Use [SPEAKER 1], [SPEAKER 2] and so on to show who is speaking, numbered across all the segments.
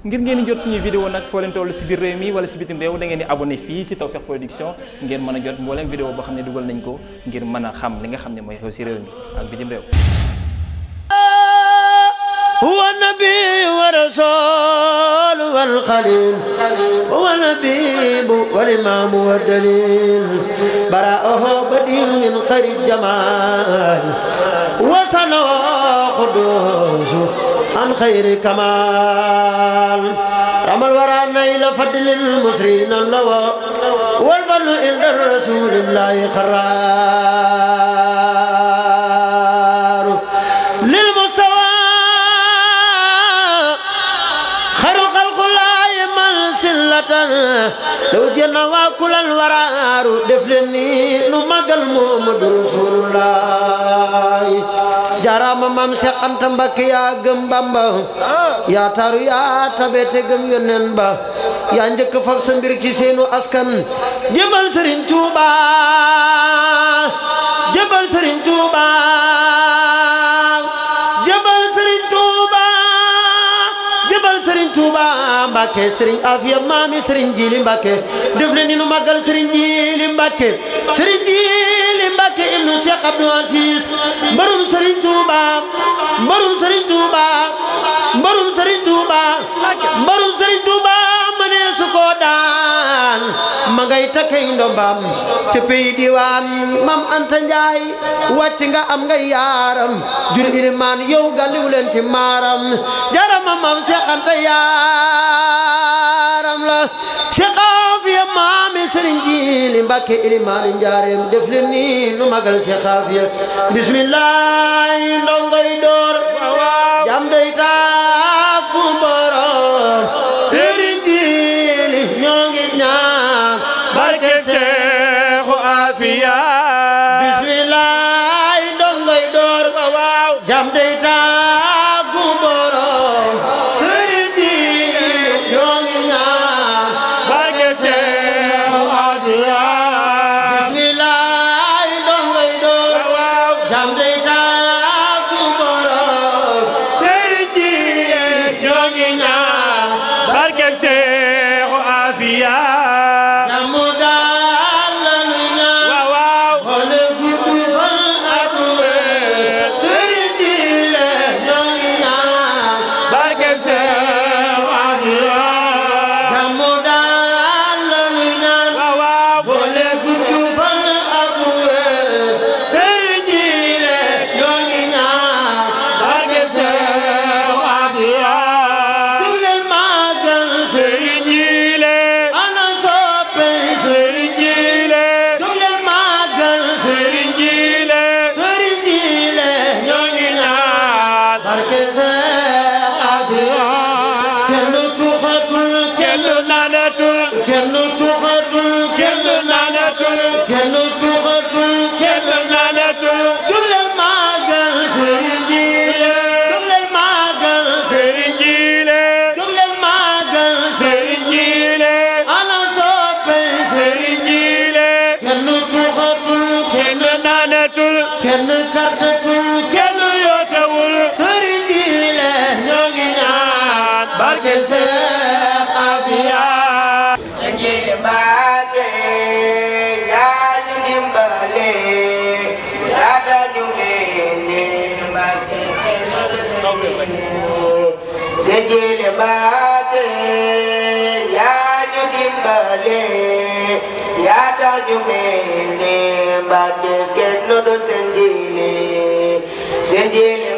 [SPEAKER 1] ngir ngeen jot suñuy vidéo nag foo leen toll si biir réew mi wala si bitim réew da ngeen di abonné fii si Tawfekh Production ngeen mën a jot mbooleem vidéo boo xam ne dugal nañ ko ngir mën a xam li nga xam ne mooy xew si réew mi ak bitim réew
[SPEAKER 2] huwa nabi wa rasul wal xalil huwa nabibu wal imaamu wa dalil baraahu badiu min xayri jamaal wa sanoo عن خير كمال عمل وراء نيل فضل المسرين اللوى والفضل عند الرسول الله خرال daw jël na waa kulal waraaru def leen nu magal Muhammadu Rasulullah
[SPEAKER 3] jaaraama maam Cheikh Anta Mbakke yaa gëm yaa taaru yaa tabe te yaa njëkk fab sa seenu askan
[SPEAKER 2] jëmal Serigne Touba jëmal Serigne Touba Mbakke Serigne Afia maami Serigne Jili Mbakke def na ni nu màggal Serigne Jili Mbakke Serigne Jili Mbakke ibnu Cheikh Abdou Aziz mbarum Serigne Touba mbarum Serigne Touba mbarum Serigne Touba mbarum Serigne Touba mane su ko daan ma ngay takkay ndombam ci pey diwaan mam Anta Njaay wàcc nga am nga yaaram jur ilimaan yow gàlliw leen ci maaram ma maam Cheikh Anta yaaram la Cheikh Afia maami Serigne Jili Mbacke Ilimani Njaareem def leen nii nu magal Cheikh Afia bismillah ndongoy do
[SPEAKER 4] Senjili, Senjili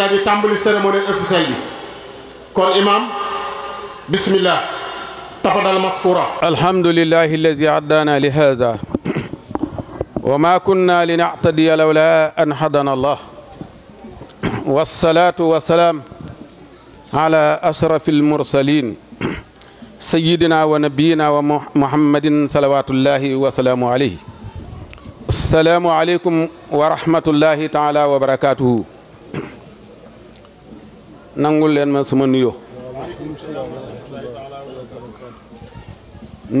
[SPEAKER 5] daal di tàmbali cérémonie officielle
[SPEAKER 6] bi kon imaam bismillah tafadal maskura alhamdulillahi alladi haddaana li hada wa ma kunna linactadiya lawla an hadana allah wasalaatu wasalaam ala ashrafi almursalin sayidina wa nabiyina wa muhammadin salawatullahi wa salaamu alayhi asalaamu aleykum wa rahmatullahi taala wa barakatuhu nangu leen ma suma nuyoo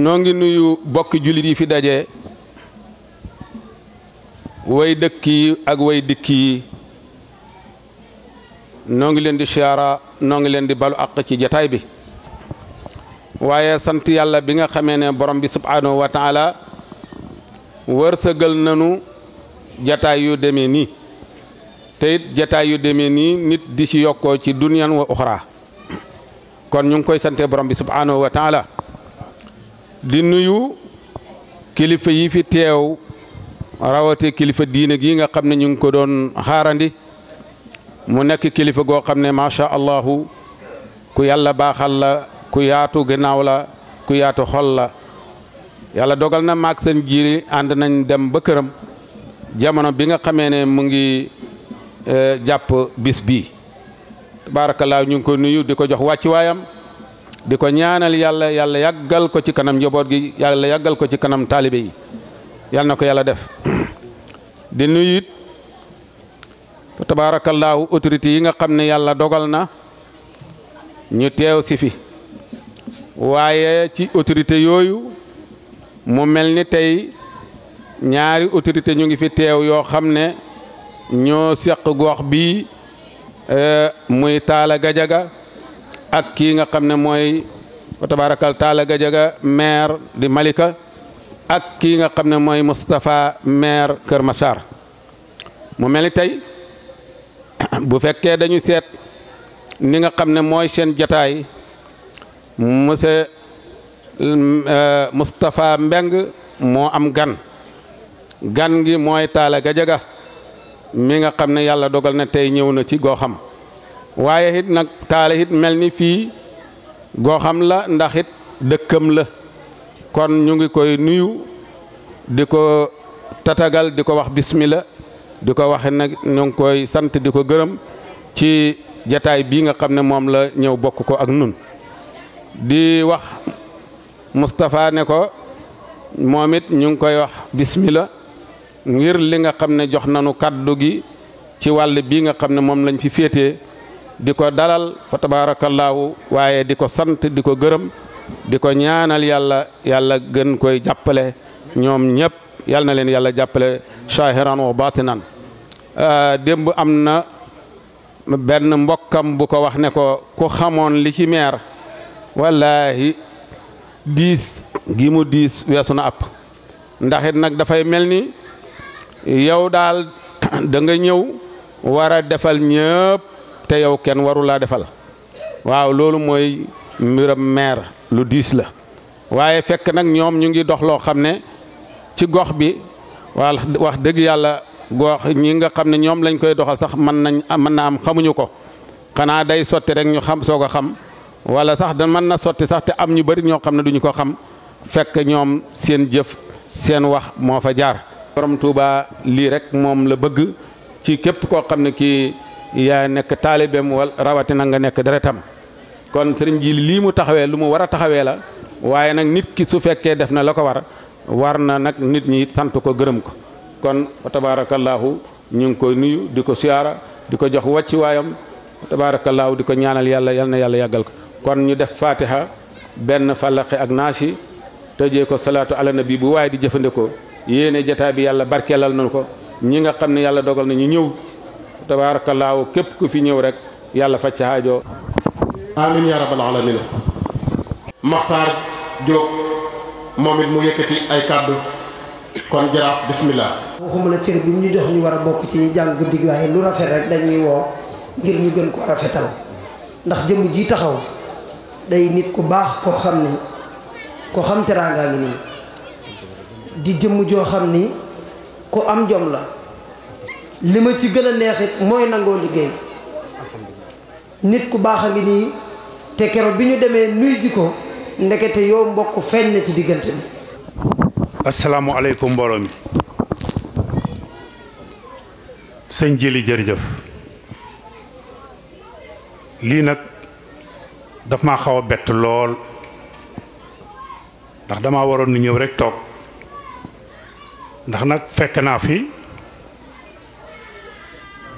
[SPEAKER 6] noo ngi nuyu bokki jullit yi fi daje way dëkk yi ak way dëkk yi noo ngi leen di siyaara noo ngi leen di balu àq ci jataay bi waaye sant yàlla bi nga xamee ne borom bi subhaanahu wa taala wërsëgal nanu jataay yu demee nii te it jataay yu demee nii nit di ci yokkoo ci duniyaan wa uxra kon ñu ngi koy sante borom bi subhaanahu wa taala di nuyu kilifa yi fi teew rawate kilifa diine gi nga xam ne ñu ngi ko doon xaarandi mu nekk kilifa goo xam ne macha allahu ku yàlla baaxal la ku yaatu ginnaaw la ku yaatu xol la yàlla dogal na maak seen jiiri ànd nañ dem ba këram jamono bi nga xamee ne mu ngi Eh, jàpp bis bii baarakallaa ñu ngi koy nuyu di ko jox wàcc waayam di ko ñaanal yàlla yàlla yàggal ko ci kanam njoboot gi yàlla yàggal ko ci kanam taalibe yi yàlla na ko yàlla def di nuyut it tabaarakallaahu yi nga xam ne yàlla dogal na ñu teew si fi waaye ci autorité yooyu mu mel ni tey ñaari autorité ñu ngi fi teew yoo xam ne ñoo seq gox bi eh, muy taala Gajaga ak kii nga xam ne mooy wa tabaarakal Gajaga maire di Malika ak kii nga xam ne mooy Moustapha maire Kër Massar mu mel ni tey bu fekkee dañu seet ni nga xam ne mooy seen jataay monsieur eh, Mbeng moo am gan gan gi mooy taala Gajaga mi nga xam ne yàlla dogal na tey ñëw na ci goo xam waaye it nag taale it mel ni fii goo xam la ndaxit dëkkam la kon ñu ngi koy nuyu di ko tatagal di ko wax bismillah di ko waxe nag ñu ngi koy sant di ko gërëm ci jataay bii nga xam ne moom la ñëw bokk ko ak nun di wax Moustapha ne ko moom it ñu ngi koy wax bismillah ngir li nga xam ne jox nanu kàddu gi ci wàll bii nga xam ne moom lañ fi féete di ko dalal fa tabaarakallaahu waaye di ko sant di ko gërëm di ko ñaanal yàlla yàlla gën koy jàppale ñoom ñëpp yàlla na leen yàlla jàppale shaahiran wa baatinan euh, démb am na benn mbokkam bu ko wax ne ko ku xamoon li ci meer wallaahi diis gi mu diis weesu na app ndax nag dafay mel ni yow daal da ñëw wara defal ñëpp te yow kenn waru laa defal waaw loolu mooy mbiram maire lu diis la waaye fekk nag ñoom ñu ngi dox loo xam ne ci gox bi waa wax dëgg yàlla gox ñi nga xam ne ñoom lañ koy doxal sax mën nañ mën na am xamuñu ko xanaa day sotti rek ñu xam soog a xam wala sax da mën na sotti sax te am ñu bëri ñoo xam ne duñu ko xam fekk ñoom seen jëf seen wax moo fa jaar borom tuuba lii rek moom la bëgg ci képp koo xam ne kii yaa nekk taalibeem wala rawatina nga nekk deretam kon sëriñ ji lii mu taxawee lu mu war a taxawee la waaye nag nit ki su fekkee def na la ko war war na nag nit ñi sant ko gërëm ko kon tabaarakallaahu ñu ngi koy nuyu di ko siyaara di ko jox wàcci waayam tabaarakallaahu di ko ñaanal yàlla yal na yàlla yàggal ko kon ñu def fatiha benn falaqe ak naasi tëjee ko salaatu ala bii bu waaye di jëfandikoo. yéene jataay bi yàlla barkeelal nañu ko ñi nga xam ne yàlla dogal na ñu ñëw tabaarakallaahu képp ku fi ñëw rek yàlla faj sa aajo amin ya rabbal alamin maxtaar jóg
[SPEAKER 5] moom it mu yëkkati ay kàddu kon jaraaf bismillah
[SPEAKER 3] waxuma la cër bi ñu jox ñu war a bokk ci jàng guddi gi lu rafet rek dañuy woo ngir ñu gën ko rafetal ndax jëmm ji taxaw day nit ku baax koo xam ni ko xam teraanga nii di jëmm joo xam ni ku am jom la li ma ci gën a neexit mooy nangoo liggéey nit ku baax a nii te keroog bi ñu demee nuy ko ndekete yow mbokk feeñ ci
[SPEAKER 7] diggante bi. asalaamualeykum mbooloo mi sëñ Jili jërëjëf lii nag dafa ma xaw a bett lool ndax damaa waroon nu ñëw rekk toog. ndax nag fekk naa fi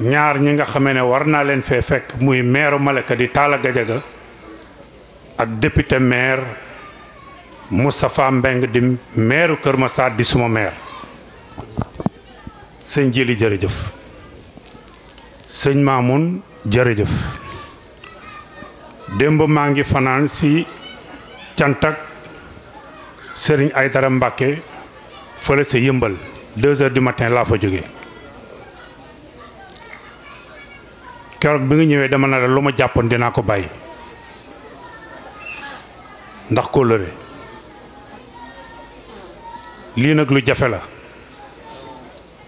[SPEAKER 7] ñaar ñi nga xame ne war naa leen fee fekk muy meeru Malika di Talla ak député maire Moustapha Mbeng di maire Kër Massar di suma maire sëñ Jili jërëjëf sëñ Maamun jërëjëf démb maa ngi fanaan si cantak sëriñ Aydara Mbàkke fële sa yëmbal deux heures du matin laa fa jógee keroog bi nga ñëwee dama na la lu ma jàppoon dinaa ko bàyyi ndax kóllëre lii nag lu jafe la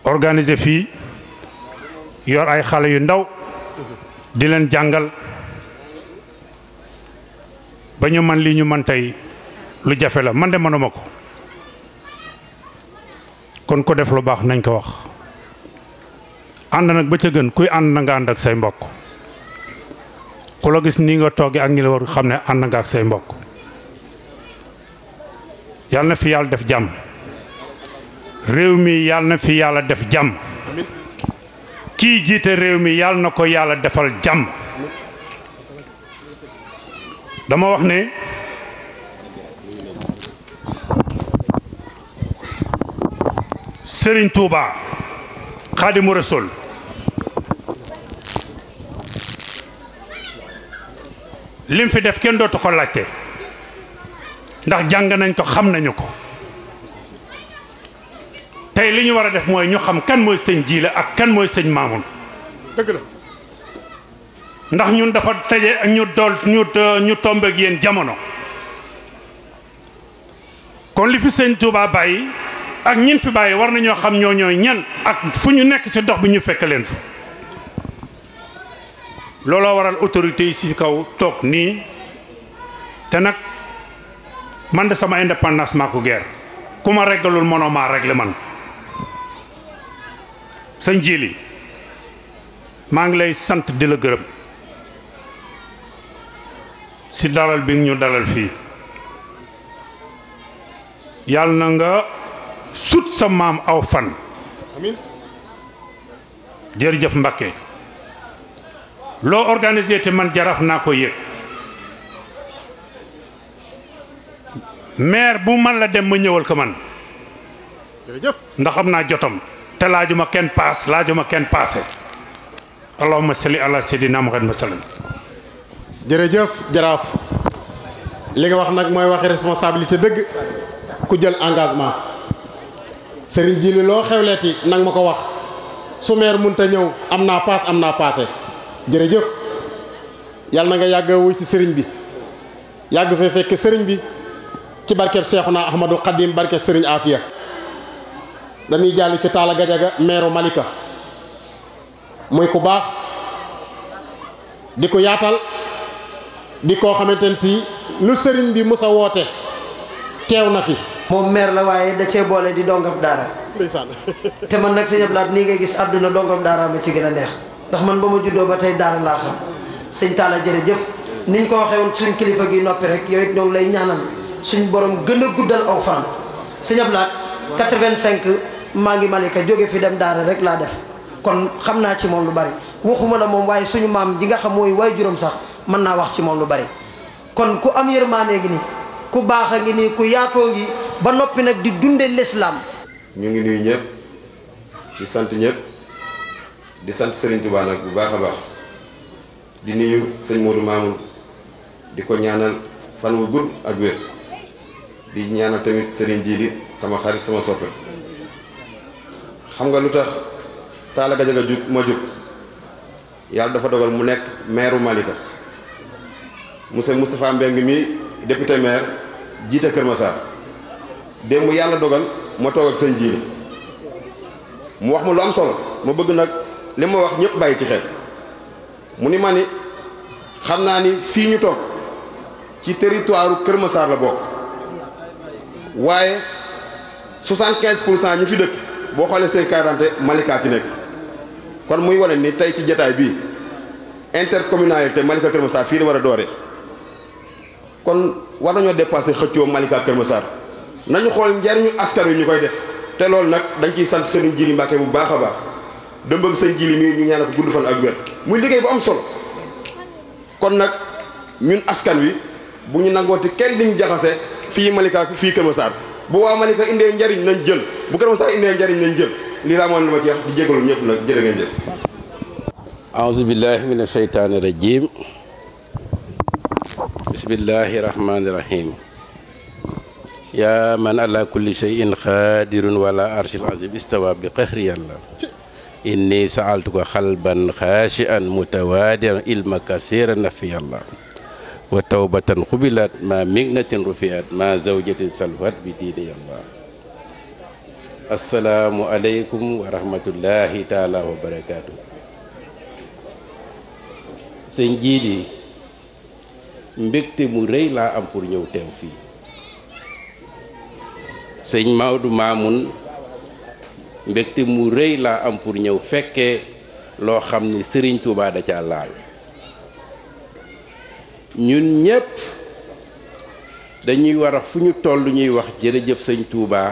[SPEAKER 7] organise fii yor ay xale yu ndaw di leen jàngal ba ñu man lii ñu man tey lu jafe la man de mënuma ko kon ko def lu baax nañ ko wax ànd nag ba ca gën kuy ànd na nga ànd ak say mbokk ku la gis nii nga tooge ak ñi la war xam ne ànd nga ak say mbokk yàlla na fi yàlla def jàmm réew mi yàlla na fi yàlla def jàmm kii jiite réew mi yàlla na ko yàlla defal jàmm dama wax ne Serigne Touba Xaadimu sol lim fi def kenn dootu ko laajte ndax jàng nañ ko xam nañu ko tey li ñu war a def mooy ñu xam kan mooy sëñ Jiile ak kan mooy sëñ Maamun dëgg la ndax ñun dafa teje ñu dool ñu ñu yéen jamono kon li fi sëñ Touba bàyyi ak ñin fi bàyyi war nañoo xam ñoo ñooy ñan ak fu ñu nekk ci dox bi ñu fekk leen fa looloo waral autorité yi ci kaw toog nii te nag man de sama indépendance maa ko ku ma reggalul mënoo maa regle man sa njili maa ngi lay sant di la gërëm ci dalal bi ñu dalal fii yàlla na nga sut sa maam aw fan jërëjëf Mbacke loo organisé te man jaraaf naa ko yëg maire bu man la dem ma ñëwal ko man jërëjëf ndax xam naa jotam te laajuma kenn paas laajuma kenn paase allahumma salli ala sayyidina muhammad masalam jërëjëf jaraaf li nga wax nag mooy waxi responsabilité dëgg
[SPEAKER 5] ku jël engagement sëriñ ji loo xewleeti nag ma ko wax su meer munta ñëw am naa paas am naa paase jërëjëf yàlla na nga yàgg wuy si sëriñ bi yàgg fee fekk sëriñ bi ci barkeb naa Ahmadul Xadim barkeb sëriñ Afia dañuy jàll ci Talla Gajaga meeru Malika muy ku baax di ko yaatal di koo xamante ne si lu sëriñ bi musa woote teew na fi
[SPEAKER 3] moom maire la waaye da cee di dongam daara te man nag sëñ Abdou Lahad nii ngay gis àdduna dongam daara ma ci gën a neex ndax man ba ma juddoo ba tey daara laa xam sëñ Talla jërëjëf niñ ko waxee woon suñ kilifa gi noppi rek yow it ñoo ngi lay ñaanal suñ borom gën a guddal aw fan sëñ Abdou Lahad 85 maa ngi Malika jóge fi dem daara rek laa def kon xam naa ci moom lu bari waxuma la moom waaye suñu maam ji nga xam mooy waay juróom sax mën naa wax ci moom lu bari kon ba noppi nag di dunde lislaam
[SPEAKER 8] ñu ngi nuyu ñëpp di sant ñëpp di sant Serigne tubaana bu baax a baax di nuyu sëñ Modou Mamoun di ko ñaanal fan wu gudd ak wér di ñaanal tamit Serigne Jili sama xarit sama soppe xam nga lu tax Talla Gadiaga jug ma jug yàlla dafa dogal mu nekk maire Malika monsieur Moustapha Mbengue mi député maire jiite Kër Massar démb yàlla dogal ma toog ak sëñ jiili mu wax ma lu am solo ma bëgg nag li ma wax ñëpp bàyyi ci xel mu ni ma ni xam naa ni fii ñu toog ci territoire Kër Massar la bokk waaye 75 pour cent ñi fi dëkk boo xoolee seen quarante Malika ci nekk kon muy wane ni tey ci jataay bii intercommunalité Malika Kër Massar fii la war a doore kon war nañoo dépasser xëccoo Malika Kër nañu xool njariñu askan wi ñu koy def te loolu nag dañ ciy sant sëriñ Jili Mbàkke bu baax a baax dëmb ak sëriñ Jili mii ñu ñaanal gudd fan ak wér muy liggéey bu am solo kon nag ñun askan wi bu ñu nangooti kenn diñu jaxase fii Malika fii Kër Massar bu waa Malika indee njariñ nañ jël bu Kër Massar indee njariñ nañ jël lii laa moom la ma jeex di jégalu ñëpp nag jërë ngeen jëf
[SPEAKER 9] aouzu billahi yaa man ala kulli shay'in xaadirun wala arshil azim istawa bi qahri yàlla inni sa'altuka xalban xaashi'an mutawaadi'an ilma kasiran nafi yàlla wa tawbatan xubilat ma mignatin rufiat ma zawjatin salwat bi diine yàlla asalaamu aleykum wa rahmatullahi taala wa barakaatu sëñ jii di mbégte mu rëy laa am pour ñëw teew fii sëñ Maodo Mamoun mbégte mu rëy laa am pour ñëw fekkee loo xam ni sëriñ Touba da ca laal ñun ñépp dañuy wara a fu ñu toll ñuy wax jërëjëf sëñ Touba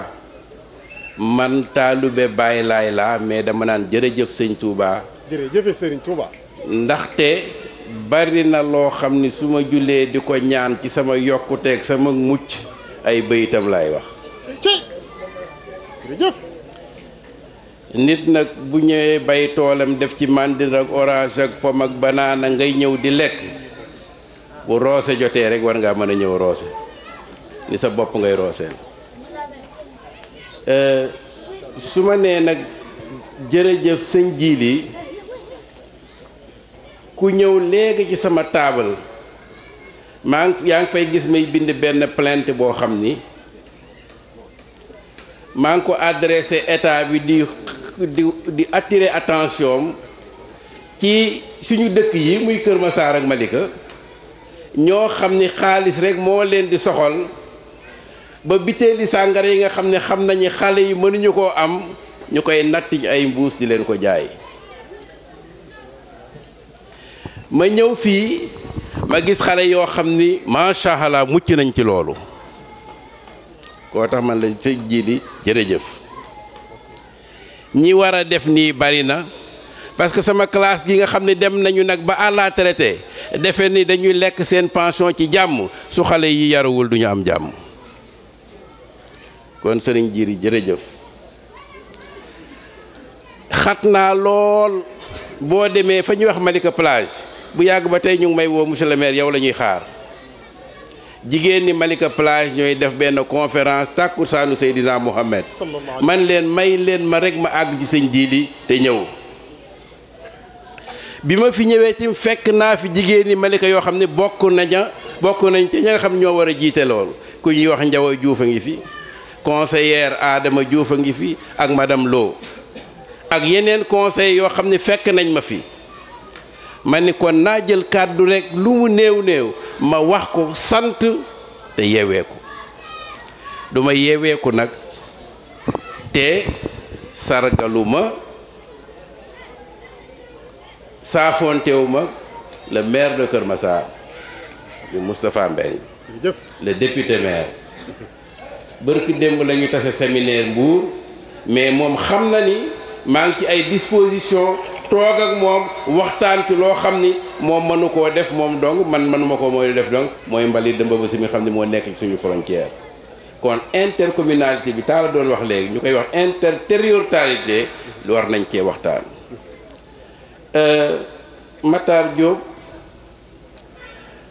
[SPEAKER 9] man taalube bàyyi laa mais dama naan jërëjëf sëñ Touba. jërëjëf sëriñ Touba. ndaxte bari na loo xam ni su ma jullee di ko ñaan ci sama yokkute ak sama mucc ay bëyitam laay wax. nit nag bu ñëwee bay toolam def ci mandin ak orange ak pomme ak banaana ngay ñëw di lekk bu roose jotee rek war ngaa mën a ñëw roose ni sa bopp ngay rooseel euh, su ma nee nag jërëjëf sëñ Jili ku ñëw léegi ci sama taabal maa yaa ngi fay gis may bind benn plainte boo xam ni maa ngi ko adressé état bi di di di attirer attention ci suñu dëkk yi muy Kër Massar ak Malika ñoo xam ni xaalis rek moo leen di soxal ba biteeli sàngara yi nga xam ne xam nañu xale yi mënuñu koo am ñu koy natt ci ay mbuus di leen ko jaay ma ñëw fii ma gis xale yoo xam ni macha mucc nañ ci loolu. koo tax man la sëñ Jili jërëjëf ñi war a def nii bari na parce que sama classe gi nga xam ne dem nañu nag ba à la traité defe ni dañuy lekk seen pension ci jàmm su xale yi yarawul duñu am jàmm kon sëriñ Jili jërëjëf xat naa lool boo demee fa ñu wax Malika plage bu yàgg ba tey ñu may woo monsieur le yow la ñuy xaar jigéen ñi Malika plage ñooy def benn conférence tàkkusaanu Seydina Mohamed man leen may leen ma rek ma àgg ci sëñ jiili te ñëw bi ma fi ñëwee tim fekk naa fi jigéen ñi Malika yoo xam ne bokk naña bokk nañ te ña nga xam ñoo war a jiite lool ku ñuy wax Njawa Juuf a ngi fi conseillère aadama Juuf a ngi fi ak madame loo ak yeneen conseil yoo xam ne fekk nañ ma fi ma ni ko naa jël kàddu rekk lu mu néew néew ma wax ko sant te yeweeku duma yeweeku nag te sargaluma saafontewuma le maire de Kër Massar di Moustapha Mbeng le député maire bërki démb la ñu tase séminaire Mbour mais moom xam na ni maa ngi ci ay disposition toog ak moom waxtaan ki loo xam ni moom mënu koo def moom dong man mënuma ko mooy def dong mooy mbali dëmba ba si mi xam ne moo nekk ci suñu frontière kon intercommunalité bi taala doon wax léegi ñu koy wax interterritorialité lu war nañ cee waxtaan euh, Matar Diop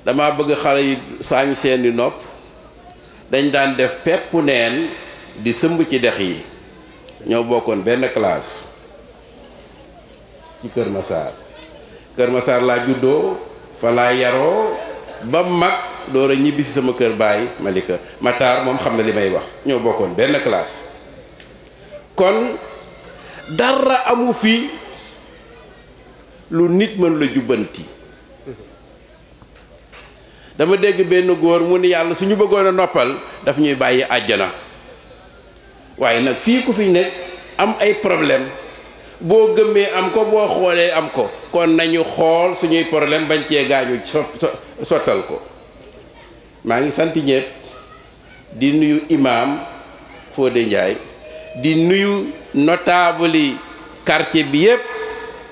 [SPEAKER 9] dama bëgg xare yi saañu seeni nopp dañ daan def peppu neen di sëmb ci dex yi ñoo bokkoon benn classe ci Kër Massar Kër Massar laa juddoo fa laa yaroo ba mag door a ñibbi si sama kër baay Malika Matar moom xam na li may wax ñoo bokkoon benn classe kon dara amu fi lu nit mënula jubbanti dama dégg benn góor mu ni yàlla su ñu bëggoon a noppal daf ñuy bàyyi àjjana waaye nag fii ku fi nekk am ay problème boo gëmmee am ko boo xoolee am ko kon nañu xool suñuy problème bañ cee gaañu sottal ko maa ngi sant ñépp di nuyu imam Fodé Ndiaye di nuyu notable yi quartier bi yépp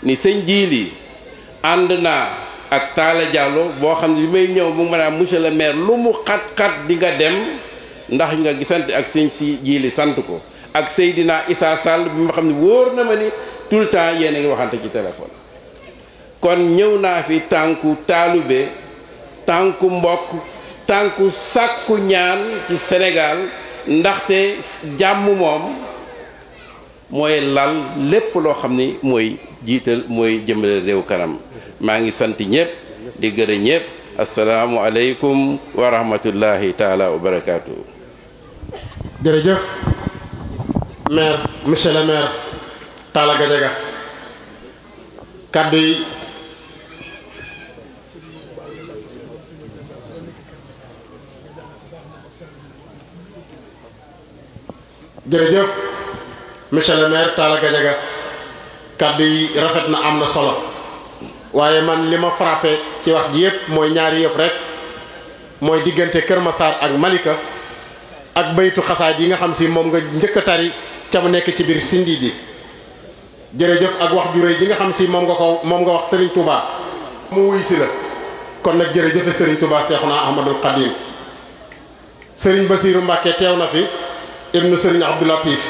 [SPEAKER 9] ni sëñ Jili ànd naa ak taala Diallo boo xam ne bi may ñëw mu mën a monsieur le maire lu mu xat-xat di nga dem ndax nga gisante ak sëñ si jiili sant ko ak Seydina isaa sàll bi ma xam ne wóor na ma ne tout le temps yéen a ngi waxante ci téléphone kon ñëw naa fi tànku taalube tànku mbokk tànku sàkku ñaan ci Sénégal ndaxte jàmm moom mooy lal lépp loo xam ni mooy jiital mooy jëmale réew kanam maa ngi sant ñëpp di gërëm ñëpp asalaamualeykum wa rahmatullahi taala wa
[SPEAKER 5] jërëjëf maire monsieur le maire Talla ga kàddu yi jërëjëf monsieur le maire Talla Gadiaga kàddu yi rafet na am na solo waaye man li ma frappé ci wax ji yépp mooy ñaari yëf rek mooy diggante Kër Massar ak Malika ak baytu xasaat yi nga xam si moom nga njëkk a tari ca mu nekk ci biir sindi ji jërëjëf ak wax ju réy ji nga xam si moom nga ko moom nga wax Serigne Touba mu wuy si la kon nag jërëjëfe Serigne Touba naa Ahmadul Xadim Serigne Basiiru Mbàkke teew na fi ibnu Serigne Abdou Latif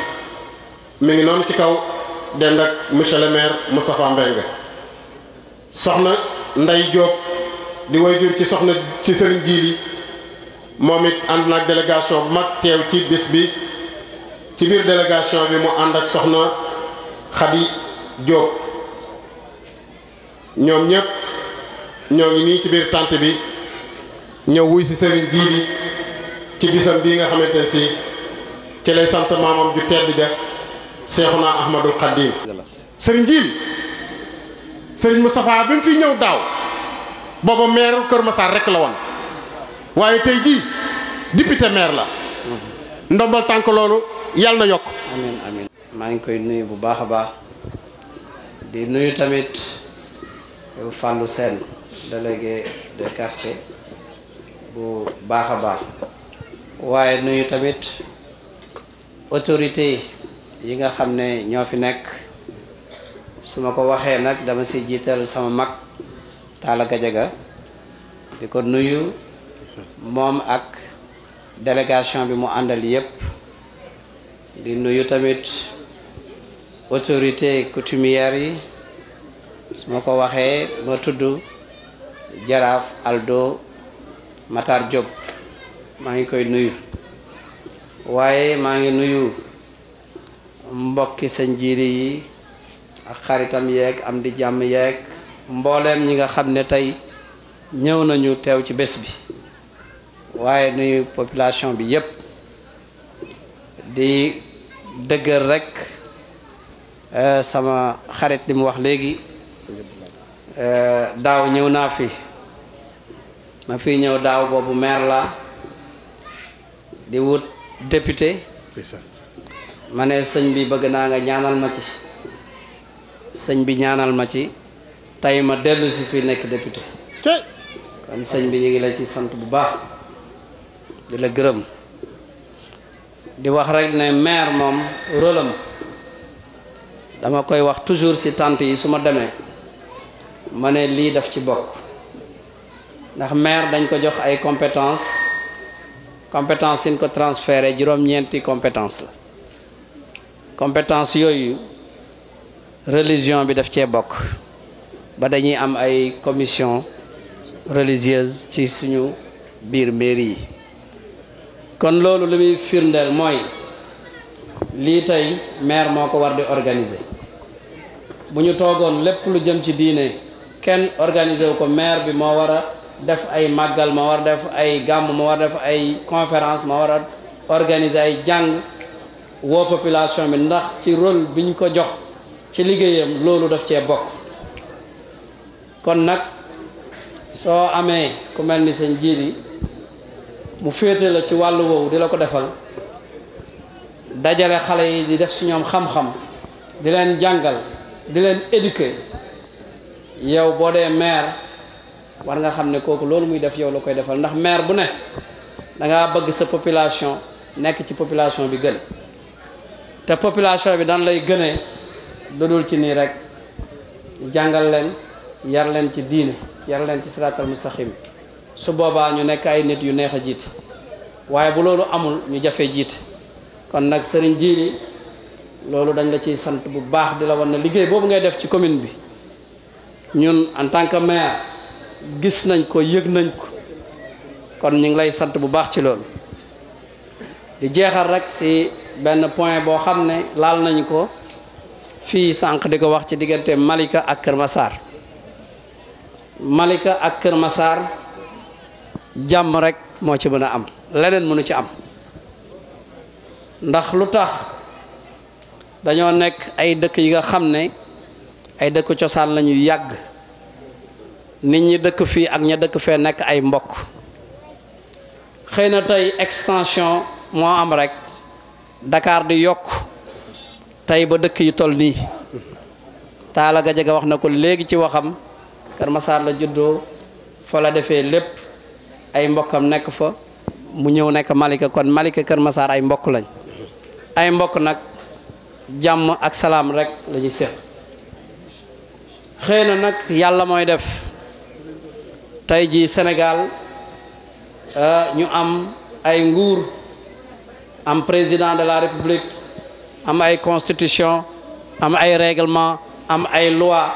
[SPEAKER 5] mi ngi noonu ci kaw dend ak monsieur le maire Moustapha Mbengue soxna Nday Diop di way jur ci soxna ci Serigne Jiili moom it ànd na ak délégation bu mag teew ci bis bi ci biir délégation bi mu ànd ak soxna Xadi Jóob ñoom ñëpp ñoo ngi nii ci biir tànt bi ñëw wuy si sëriñ jiili ci bisam bii nga xamante ne si ci lay sant maamam ju tedd ja Seexuna Ahmadul Xaddiim sëriñ jiili sëriñ Moustapha bi mu fi ñëw daaw booba meerul Kër Massar rekk la woon waaye tey jii député maire la ndombal tànk loolu
[SPEAKER 10] yàlla na yokk amiin amiin maa ngi koy nuyu bu baax a baax di nuyu tamit Fallou Sène délégué de quartier bu baax a baax waaye nuyu tamit autorité yi nga xam ne ñoo fi nekk su ma ko waxee nag dama si jiital sama mag Talla ga di ko nuyu moom ak délégation bi mu àndal yépp di nuyu tamit autorité coutumière yi su ma ko waxee ma tudd jaraaf Aldo Matar Diop maa ngi koy nuyu waaye maa ngi nuyu mbokki sëñ jiiri yi ak xaritam yeeg am di jàmm yeek mbooleem ñi nga xam ne tey ñëw nañu teew ci bés bi waaye nuyu population bi yépp di dëggër rek euh, sama xarit li mu wax léegi euh, daaw ñëw naa fi ma fi ñëw daaw boobu maire la di wut député ma ne sëñ bi bëgg naa nga ñaanal ma ci sëñ bi ñaanal ma ci tey ma dellu si fi nekk député kon sëñ bi ñu ngi la ci sant bu baax di la gërëm di wax rek ne maire moom rôlam dama koy wax toujours ci tànt yi su ma demee ma ne lii daf ci bokk ndax maire dañ ko jox ay compétence compétence yi ñu ko transféré juróom-ñeenti compétence la compétence yooyu religion bi daf cee bokk ba dañuy am ay commission religieuse ci suñu biir mairie yi kon loolu li muy firndeel mooy lii tey maire moo ko war di organiser bu ñu toogoon lépp lu jëm ci diine kenn organiser wu ko maire bi moo war a def ay màggal moo war a def ay gàmm moo war a def ay conférence moo war a organiser ay jàng woo population bi ndax ci rôle bi ñu ko jox ci liggéeyam loolu def cee bokk kon nag soo amee ku mel ni seen jiir yi mu féete la ci wàll woowu di la ko defal dajale xale yi di def si ñoom xam-xam di leen jàngal di leen éduquer yow boo dee maire war nga xam ne kooku loolu muy def yow la koy defal ndax maire bu ne dangaa bëgg sa population nekk ci population bi gën te population bi dan lay gënee dudul ci nii rek jàngal leen yar leen ci diine yar leen ci siraatal mustaqim su boobaa ñu nekk ay nit yu neex a jiit waaye bu loolu amul ñu jafee jiit kon nag sëriñ Jili loolu dañ la ci sant bu baax di la wan na liggéey boobu ngay def ci commune bi ñun en tant que maire gis nañ ko yëg nañ ko kon ñu ngi lay sant bu baax ci loolu di jeexal rek si benn point boo xam ne laal nañ ko fii sànq di ko wax ci diggante Malika ak Kër Massar Malika ak Kër Massar jàmm rekk moo ci mën a am leneen mënu ci am ndax lu tax dañoo nekk ay dëkk yi nga xam ne ay dëkk cosaan lañu yàgg nit ñi dëkk fii ak ña dëkk fee nekk ay mbokk xëy na tey extension moo am rek Dakar di yokk tey ba dëkk yi toll nii Talla Gadiaga wax na ko léegi ci waxam Kër Massar la juddoo fa la defee lépp ay mbokkam nekk fa mu ñëw nekk Malika kon Malika Kër Massar ay mbokk lañ ay mbokk nag jàmm ak salaam rek la ñuy séq xëy na nag yàlla mooy def tey jii Sénégal euh, ñu am ay nguur am président de la République am ay constitution am ay réglement am ay loi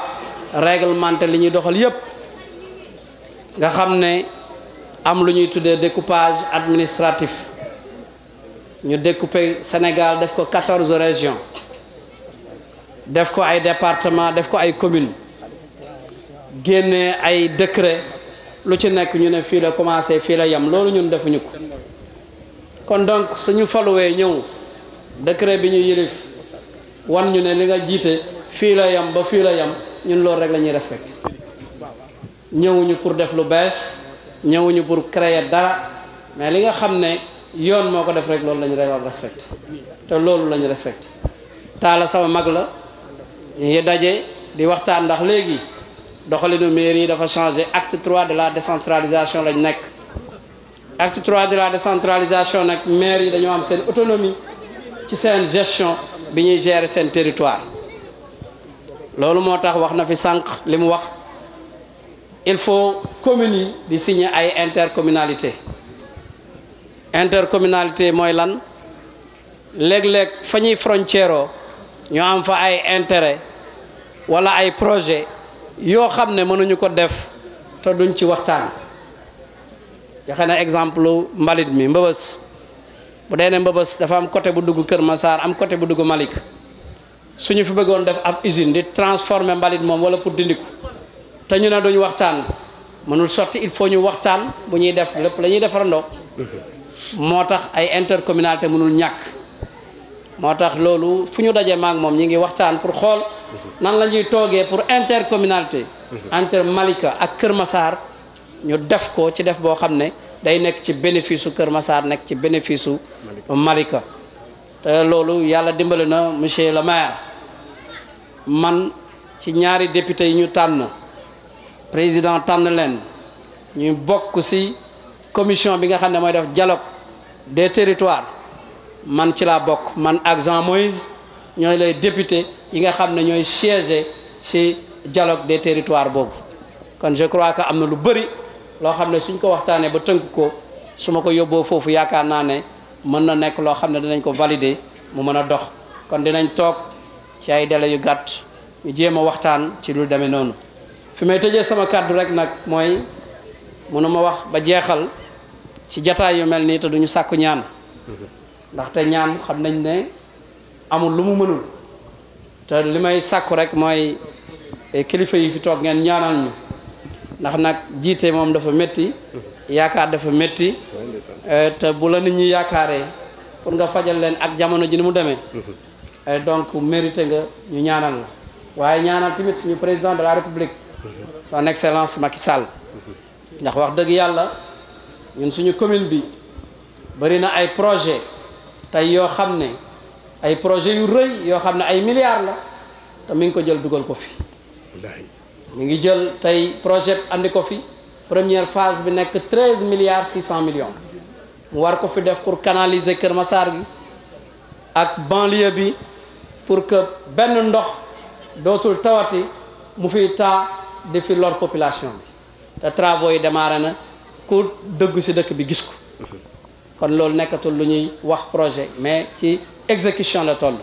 [SPEAKER 10] réglementé li ñuy doxal yépp nga xam ne am lu ñuy tuddee découpage administratif ñu découper Sénégal def ko quatorze régions def ko ay département def ko ay communes génne ay décret lu ci nekk ñu ne fii la commencé fii la yem loolu ñun defuñu ko kon donc suñu faluwee ñëw décret bi ñu yilif wan ñu ne li nga jiite fii la yem ba fii la yem ñun loolu rek la ñuy respecté ñëwuñu pour def lu bees ñëwuñu pour créer dara mais li nga xam ne yoon moo ko def rek loolu la ñu reewal respecté te loolu la ñu respecté taala sama mag la ñu ngi daje di waxtaan ndax léegi doxalinu mairie yi dafa changé acte trois de la décentralisation lañ nekk acte trois de la décentralisation nag maire yi dañoo am seen autonomie ci seen gestion bi ñuy gérer seen territoire loolu moo tax wax na fi sànq li mu wax il faut commune yi di signe ay intercommunalité intercommunalité mooy lan léeg-léeg fa ñuy frontière ñu am fa ay intérêt wala ay projet yoo xam ne mënuñu ko def te duñ ci waxtaan joxe na exemple mbalit mi mbëbës bu dee ne mbëbës dafa am côté bu dugg Kër Massar am côté bu dugg Malick suñu fi bëggoon def ab usine di transformer mbalit moom wala pour dindi te ñu ne duñu waxtaan mënul sotti il faut ñu waxtaan bu ñuy def lépp la ñuy defarandoo moo tax ay intercommunalité mënul ñàkk moo tax loolu fu ñu dajee maak moom ñi ngi waxtaan pour xool nan la ñuy toogee pour intercommunalité entre Malika ak Kër masaar ñu def ko ci def boo xam ne day nekk ci bénéfice su Kër masaar nekk ci bénéfice su Malika te loolu yàlla dimbali na monsieur le maire man ci ñaari député yi ñu tànn président tànn leen ñu bokk ci commission bi nga xam ne mooy def dialogue des territoire man ci laa bokk man ak Jean Moïse ñooy lay député yi nga xam ne ñooy siéger ci dialogue des territoires boobu kon je crois que am na lu bëri loo xam ne suñ ko waxtaanee ba tënk ko su ma ko yóbboo foofu yaakaar naa ne mën na nekk loo xam ne dinañ ko valider mu mën a dox kon dinañ toog ci ay délai yu gàtt ñu jéem a waxtaan ci lu demee noonu fi may tëjee sama kàddu rek nag mooy ma wax ba jeexal ci jataay yu mel nii te duñu sàkku ñaan ndaxte ñaan xam nañ ne amul lu mu mënul te li may sàkku rek mooy eh, kilifa yi fi toog ngeen ñaanal ñu ndax nag jiite moom dafa métti yaakaar dafa métti eh, te bu la nit ñi yaakaaree pour nga fajal leen ak jamono ji ni mu demee eh, donc mérité nga ñu ñaanal la waaye ñaanal tamit suñu président de la république son excellence ki Sall ndax wax dëgg yàlla ñun suñu commune bi bëri na ay projet tey yoo xam ne ay projet yu rëy yoo xam ne ay milliards la te mi ngi ko jël dugal ko fi mu ngi jël tey projet andi ko fi première phase bi nekk treize milliards six cent millions mu war ko fi def pour canaliser Kër Massar gi ak banlieue bi pour que benn ndox dootul tawati mu fiy taa di fi lor population bi te travaux yi demare na ku dëgg si dëkk bi gis ko kon loolu nekkatul lu ñuy wax projet mais ci exécution la toll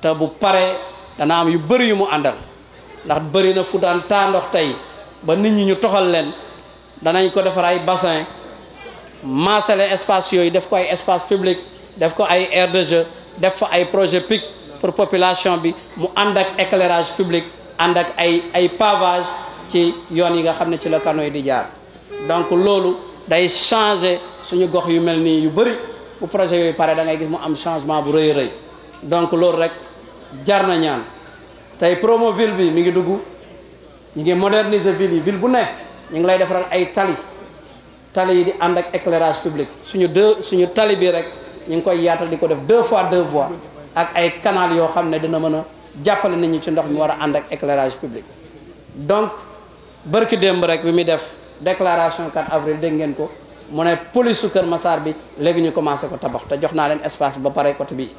[SPEAKER 10] te bu pare dana am yu bëri yu mu àndal ndax bëri na fu daan taa ndox tey ba nit ñi ñu toxal leen danañ ko defar ay bassin maasale espace yooyu def ko ay espace public def ko ay aire de jeu def fa ay projet PIC pour population bi mu ànd ak éclairage public ànd ak ay ay pavage ci yoon yi nga xam ne ci la kano yi di jaar donc loolu day changer suñu gox yu mel nii yu bëri bu projet yooyu pare dangay gis mu am changement bu rëy rëy donc loolu rek jar na ñaan tey promo ville bi mi ngi dugg ñu ngi moderniser ville yi ville bu ne ñu ngi lay defaral ay tali tali yi di ànd ak éclairage public suñu deux suñu tali bi rek ñu ngi koy yaatal di ko def deux fois deux voies ak ay canal yoo xam ne dina mën a jàppale nañu ci ndox mi war a ànd ak éclairage public donc barki démb rek bi muy def déclaration 4 avril dégg ngeen ko mu ne police su Kër Massar bi léegi ñu commencé ko tabax te jox naa leen espace ba pare côté bii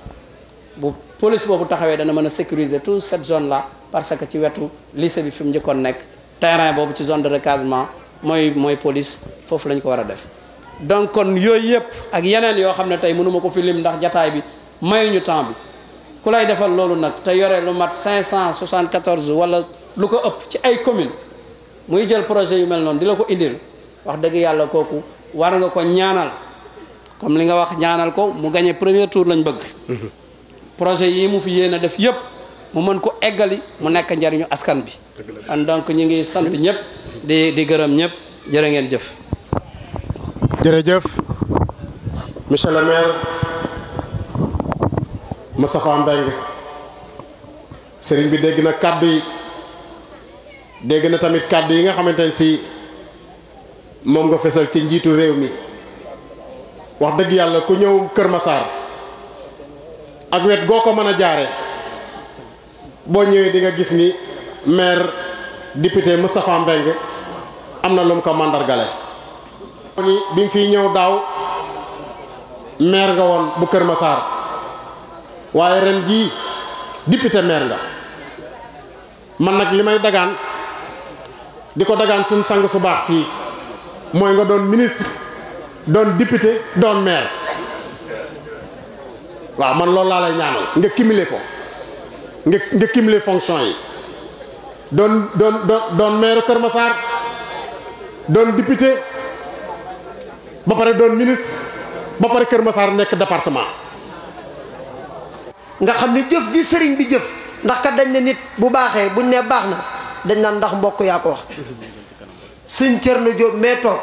[SPEAKER 10] bu police boobu taxawee dana mën a sécuriser tout cette zone la parce que ci wetu lycée bi fi njëkkoon nekk terrain boobu ci zone de recasement mooy mooy police foofu lañ ko war a def donc kon yooyu yëpp ak yeneen yoo xam ne tey mënuma ko fi lim ndax jataay bi mayuñu temps bi ku lay defal loolu nag te yore lu mat cent 574 wala lu ko ëpp ci ay commune muy jël projet yu mel noonu di la ko indil wax dëgg yàlla kooku war nga ko ñaanal comme li nga wax ñaanal ko mu gagné premier tour lañ bëgg projet yi mu fi yéen a def yépp mu mën ko eggali mu nekk njariñu askan bi an donc ñi ngi sant ñëpp di di gërëm ñëpp jërë ngeen jëf jërëjëf monsieur le maire
[SPEAKER 5] Moustapha Mbeng sëriñ bi dégg na kàddu yi dégg na tamit kàddu yi nga xamante ne si moom nga fesal ci njiitu réew mi wax dëgg yàlla ku ñëw Kër Massar ak wet goo ko mën a jaare boo ñëwee di nga gis ni maire député Moustapha Mbeng am na lu ko màndargale ni bi mu ñëw daaw maire nga woon bu Kër Massar waaye ren jii député maire nga man nag li may dagaan di ko dagaan suñ sang su baax sii mooy nga doon ministre doon député doon maire waaw man lool laa lay ñaanal nga cumuler ko nga nga cumuler yi doon doon doon doon maire Kër Massar doon député
[SPEAKER 3] ba pare doon ministre ba pare Kër masaar nekk département nga xam ne jëf ji sëriñ bi jëf ndax kat dañ ne nit bu baaxee bu ne baax na dañ naan ndax mbokk yaa ko wax sëñ Thierno Diop mee toog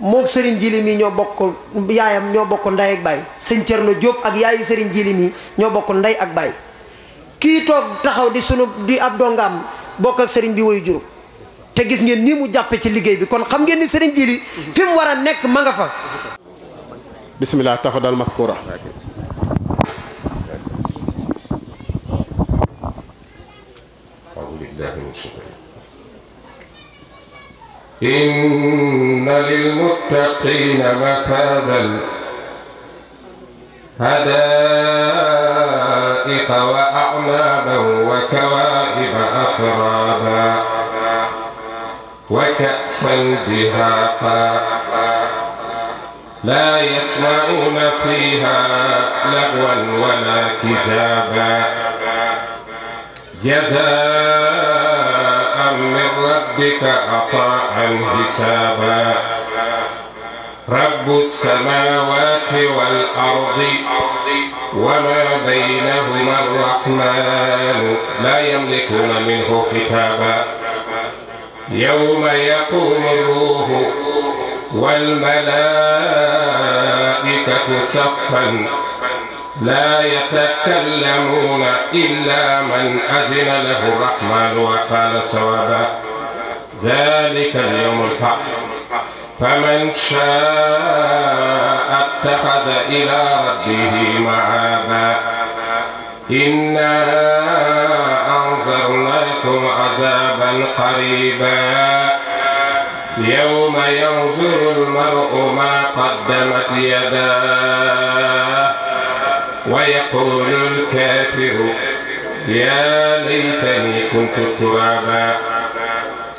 [SPEAKER 3] moog sëriñ Jili mi ñoo bokk yaayam ñoo bokk ndey ak baay sëñ Thierno Diop ak yaayu sëriñ Jili mi ñoo bokk ndey ak baay kii toog taxaw di sunu di ab dongaam bokk ak sëriñ bi woyu jurub te gis ngeen ni mu jàppe ci liggéey bi kon xam ngeen ni sëriñ Jili fi war a nekk ma nga fa
[SPEAKER 5] bismillah tafadal maskura
[SPEAKER 1] إن للمتقين مفازا حدائق وأعنابا وكوائب أترابا وكأسا دهاقا لا يسمعون فيها لغوا ولا كذابا جزاء ربك عطاء حسابا رب السماوات والأرض وما بينهما الرحمن لا يملكون منه كتابا يوم يقوم الروح والملائكة صفا لا يتكلمون إلا من أذن له الرحمن وقال صوابا ذلك اليوم الحق فمن شاء اتخذ إلى ربه معابا إنا أنذرناكم عذابا قريبا يوم ينظر المرء ما قدمت يداه ويقول الكافر يا ليتني كنت ترابا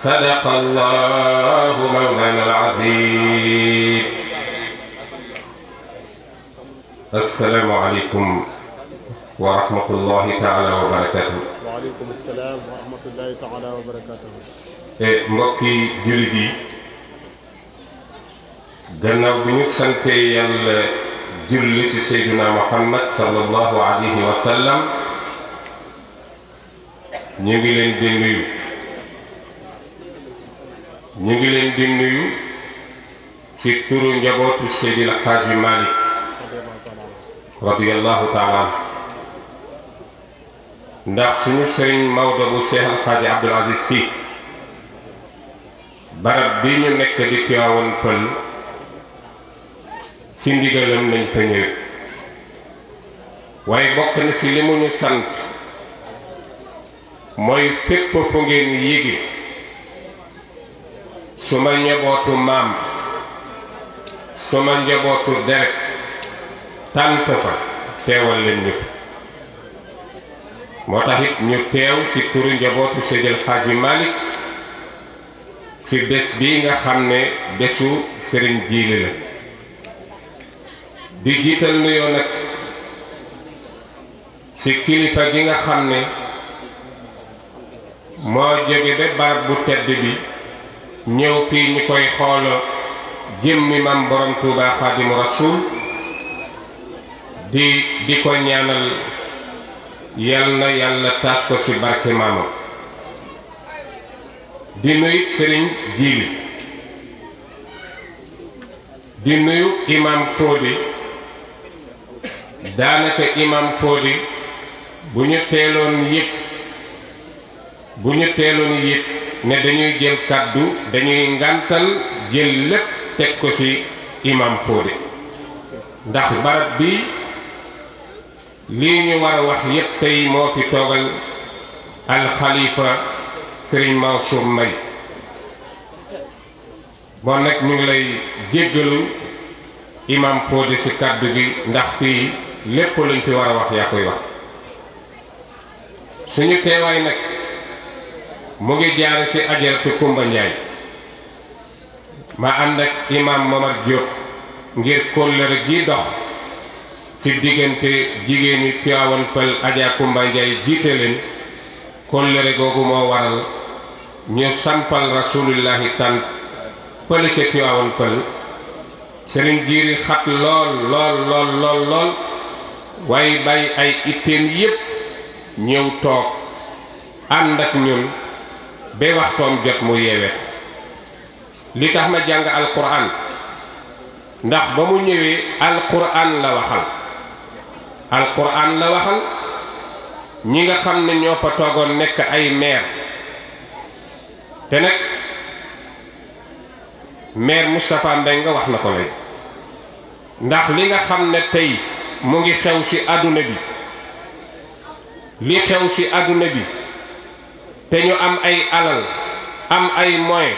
[SPEAKER 1] صدق الله مولانا العظيم السلام عليكم ورحمة الله تعالى وبركاته
[SPEAKER 5] وعليكم السلام ورحمة الله تعالى وبركاته
[SPEAKER 1] مبكي جلدي gannaaw bi ñu sante yàlla julli ci seyduna muhammad sallallahu alayhi wa sallam ñu ngi leen di nuyu ñu ngi leen di nuyu ci turu njabootu Seydil Xaaji Malick radiyallahu taala ndax suñu sëriñ Maodo bu Seex Alxaaji Abdul Aziz Si barab bi ñu nekk di Tiwaawan Pël si ndigalam nañ fa ñëw waaye bokk na si li mu ñu sant mooy fépp fu ngeen yéegi suma njabootu maam suma njabootu deret tànt fa teewal leen ñu fi moo tax ñu teew ci turu njabootu Seydil Hadji Malick ci bés bi nga xam ne bésu sëriñ jiili la di jiital nuyoo nag ci kilifa gi nga xam ne moo jóge ba barab bu tedd bi ñëw fii ñu koy xool jëm maam borom Touba Xaadimu Rasuul di di ko ñaanal yal na yàlla taas ko ci barke maamam di nuyu Sëriñ Jiili di nuyu imam Fóodi daanaka imam Fóodi bu ñu teeloon yëpp bu ñu teeloon yëpp ne dañuy jël kàddu dañuy ngàntal jël lépp teg ko ci imam Fodé ndax barab bi lii ñu war a wax yépp tey moo fi toogal alxalifa Serigne Mansour Mbaye bon nag ñu ngi lay jéggalu imam Fodé ci kàddu bi ndax fii lépp luñ fi war a wax yaa koy wax suñu teewaay nag mu ngi jaare ci ajaratu Kumba Njaay ma ànd ak imaam Mamad Diop ngir kóllëre gi dox si diggante jigéeni Tiwaawan Pël Kumba Njaay jiite leen kóllëre googu moo waral ñu sampal rasuulullahi tànn fële ca Tiwaawan Pël jiiri xat lool lool lool lool waaye bàyyi ay itteen yépp ñëw toog ànd ak ñun ba waxtoom jot mu yeewe ko li tax ma jàng alquran ndax ba mu ñëwee alquran la waxal alquran la waxal ñi nga xam ne ñoo fa toogoon nekk ay meer te nag maire Moustapha Mbengue nga wax na ko lay ndax li nga xam ne tey mu ngi xew ci àdduna bi li xew ci àdduna bi te ñu am ay alal am ay moyens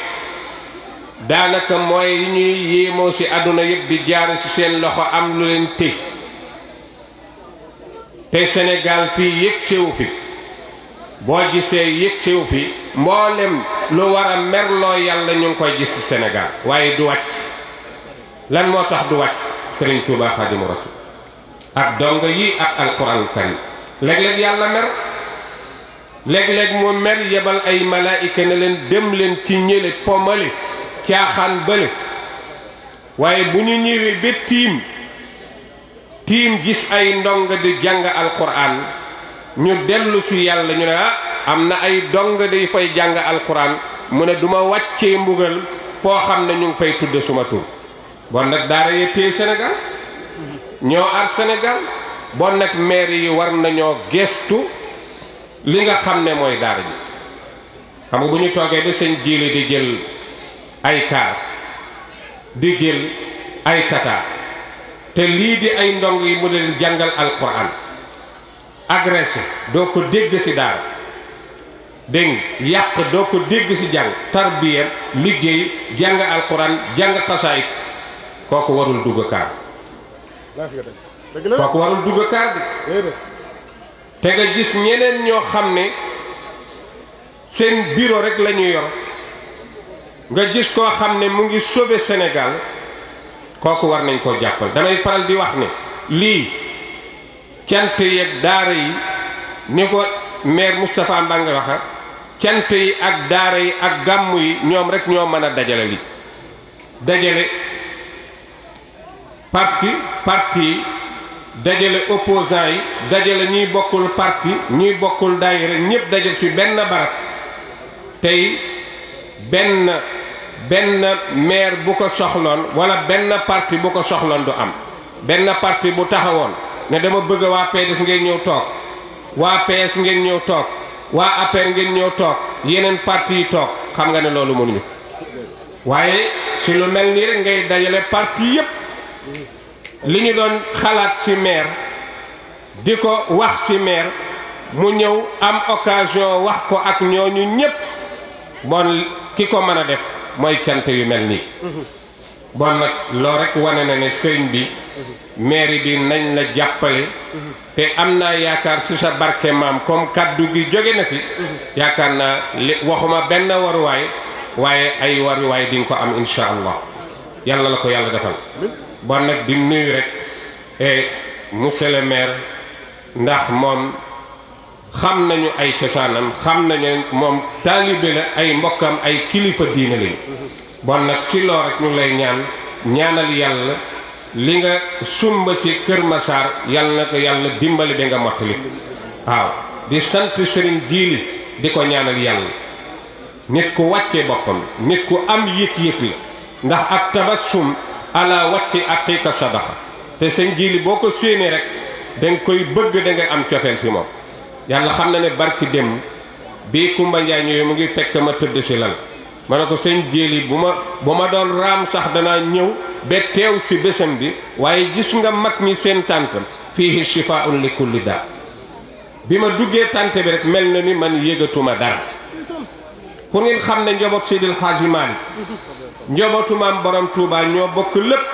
[SPEAKER 1] daanaka moyens yi ñuy yéemoo ci àdduna yëpp di jaar ci seen loxo am lu leen tëj te Sénégal fii yëg sewu fi boo gisee yëg sewu fi mboolem lu wara a merloo yàlla ñu ngi koy gis ci Sénégal waaye du wàcc lan moo tax du wàcc Serigne Touba Xaadimu Rasuul ak dongo yi ak alquran karim léeg yàlla mer. léeg-léeg mu mer yebal ay malaayika ne leen dem leen ci ñële pomale caaxaan bële waaye bu ñu ñëwee ba tiim tiim gis ay ndongo di jàng alquran ñu dellu si yàlla ñu ne ah am na ay dongo di fay jàng alquran mu ne duma ma wàccee mbugal foo xam ne ñu ngi fay tudd suma tur bon nag daara yee téye Sénégal ñoo aar Sénégal bon nag maire yi war nañoo gestu li nga xam ne mooy daar ji xam nga bu ñu toogee ba seen jiile di jël ay kaar di jël ay tata te lii di ay ndong yi mu leen jàngal alquran agressé doo ko dégg ci daara dégg yàq doo ko dégg ci jàng tarbiya liggéey jàng alquran jàng xasaay kooku warul dugg kaar kooku warul dugg kaar bi te nga gis ñeneen ñoo xam ne seen biro rek la yor nga gis koo xam ne mu ngi sauver Sénégal kooku war nañ koo jàppal damay faral di wax ne lii cant yeeg daara yi ni ko maire Moustapha Mbangue waxa cant yi ak daara yi ak gàmm yi ñoom rek ñoo mën a dajale li dajale parti parti dajale opposants yi dajale ñuy bokkul parti ñuy bokkul daayira ñëpp dajal si benn barab tey benn benn maire bu ko soxloon walla benn parti bu ko soxloon du am benn parti bu taxawoon ne dama bëgg waa PDS ngeen ñëw toog waa PS ngeen ñëw toog waa APR ngir ñëw toog yeneen parti yi toog xam nga ne loolu mënuñu waaye ci lu mel nii rek ngay dajale parti yépp li ñu doon xalaat ci maire di ko wax ci maire mu ñëw am occasion wax ko ak ñooñu ñépp bon ki ko mën a def mooy cant yu mel nii bon nag loo rek wane na ne sëñ bi mairie bi nañ la jàppale te am naa yaakaar ci sa barke maam comme kàddu gi jóge na fi yaakaar naa waxuma benn waruwaay waaye ay waruwaay di nga ko am incha allah yàlla la ko yàlla defal bon nag di nuyu rek et eh, monsieur le ndax moom xam nañu ay cosaanam xam nañu moom taalibe la ay mbokkam ay kilifa diine lañu bon nag si loo rek ñu lay ñaan ñaanal yàlla li nga sumba si Kër Massar yàlla na ko yàlla dimbali bi nga mottali waaw di sant sëriñ jiili di ko ñaanal yàlla nit ku wàccee boppam nit ku am yëg-yëg la ndax ak tabassum ala wacci aqiqa sadaqa te sëñ jili boo ko séenee rek da koy bëgg da am cofeel fi moom yàlla xam na ne barki dem bii Kumba Njaay ñëwee mu ngi fekk ma tëdd si lal ma ne ko sëñ jili bu ma bu ma doon raam sax danaa ñëw ba teew si bésam bi waaye gis nga mag ñi seen tànk fiihi shifaun li kulli bi ma duggee tànte bi rek mel na ni man yëgatuma dara pour ngeen xam ne njaboot Seydil Hadji Malick njobootu maam borom Touba ñoo bokk lépp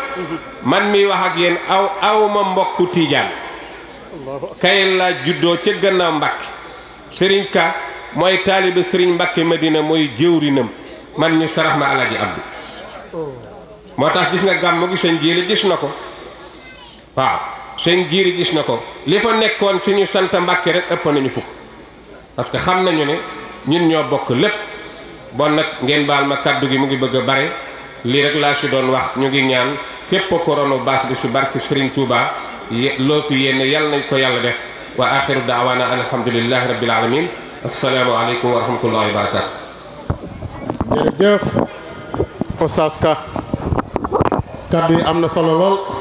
[SPEAKER 1] man mi wax ak yéen aw awma mbokku tiijaan kayen laa juddoo ca gannaaw Mbàkke sëriñ ka mooy taalibe sëriñ ma Madina mooy jëwrinam man ñu sarax ma alaji abdu oh. moo tax gis nga gàmmu gi sëñ jiiri gis na ko waaw sëñ jiiri gis na ko li fa nekkoon suñu sant Mbàkke rek ëpp nañu fukk parce que xam nañu ne ñun ñoo bokk lépp bon nag ngeen baal ma kàddu gi mu ngi bëgg a bare lii rek laa si doon wax ñu ngi ñaan képp ko ronu baas bi si barki Serigne Touba loo fi yéene yàlla nañ ko yàlla def wa axiru daawaana alhamdulilahi rabbil alamin assalaamu aleykum wa rahmatullahi wa barakatu
[SPEAKER 5] jërëjëf kàddu yi am na solo